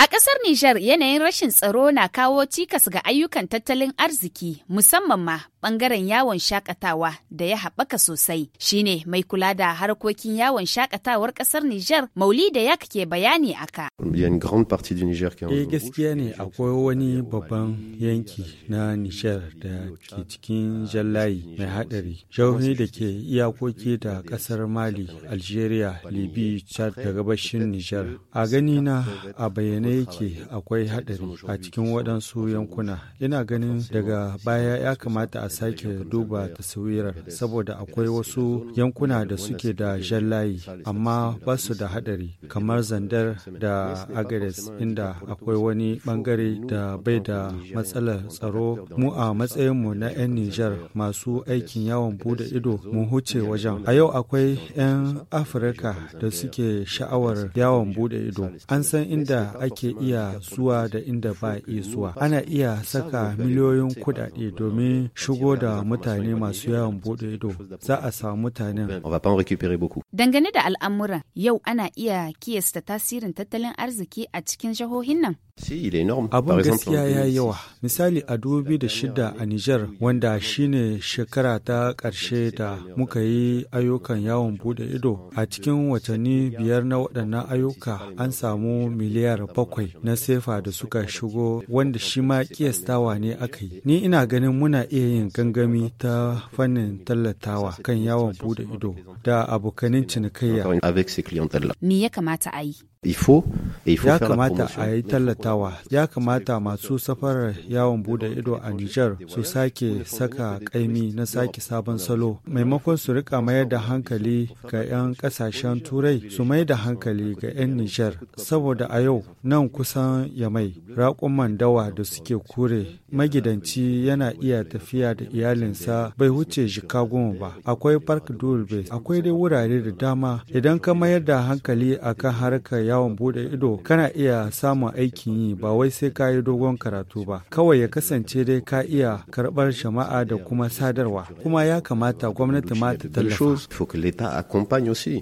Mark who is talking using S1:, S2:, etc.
S1: A ƙasar Nijar yanayin rashin tsaro na kawo cikas ga ayyukan tattalin arziki musamman ma ɓangaren yawon shakatawa da ya haɓaka sosai. shi ne mai kula da harkokin yawon shakatawar ƙasar Nijar da ya ke bayani a ka Eh
S2: gaskiya ne akwai wani babban yanki na Nijar da ke cikin jallayi mai haɗari. Jauhi da ke iyakoki da ƙasar Mali, Algeria, Libya, Chad da gabashin Nijar. A gani na a bayyane. ne yake akwai haɗari a cikin waɗansu yankuna. Ina ganin daga baya ya kamata a sake duba taswirar saboda akwai wasu yankuna da suke da jallayi amma ba su da haɗari kamar zandar da agares inda akwai wani ɓangare da bai da matsalar tsaro mu a matsayinmu na 'yan Nijar masu aikin yawon bude ido mu huce wajen. A yau akwai 'yan Afirka da suke sha'awar yawon bude ido. An san inda ake ke iya zuwa da inda ba iya zuwa ana iya saka miliyoyin kudade domin shigo da mutane masu yawon bude ido za a samu mutanen
S1: dangane da al'amuran yau ana iya kiyasta tasirin tattalin arziki a cikin jihohin nan
S2: abin gaskiya ya yawa Misali a 2006 a Nijar wanda shine shekara ta ƙarshe da muka yi ayyukan yawon bude ido a cikin watanni biyar na waɗannan ayyuka an samu miliyar bakwai na sefa da suka shigo wanda shi ma kiyastawa ne aka yi. Ni ina ganin muna iya yin gangami ta fannin tallatawa kan yawon bude ido da abokanin cinikayya.
S1: ni ya kamata a yi? Eh, ya kamata a
S2: yi tallatawa ya kamata masu safarar yawon bude ido a Nijar su sake saka kaimi na sake sabon salo maimakon su rika mayar da hankali ga 'yan kasashen turai su mai da hankali ga 'yan Nijar saboda a yau nan kusan yamai raƙun mandawa da suke kure magidanci yana iya tafiya da iyalinsa bai wuce Chicago ba akwai park dole akwai dai wurare da dama idan ka mayar da hankali akan harkar yawon bude ido kana iya samun aikin yi ba wai sai ka yi dogon karatu ba kawai ya kasance dai ka iya karɓar shama'a da kuma sadarwa kuma ya kamata gwamnati ma ta
S1: tallafa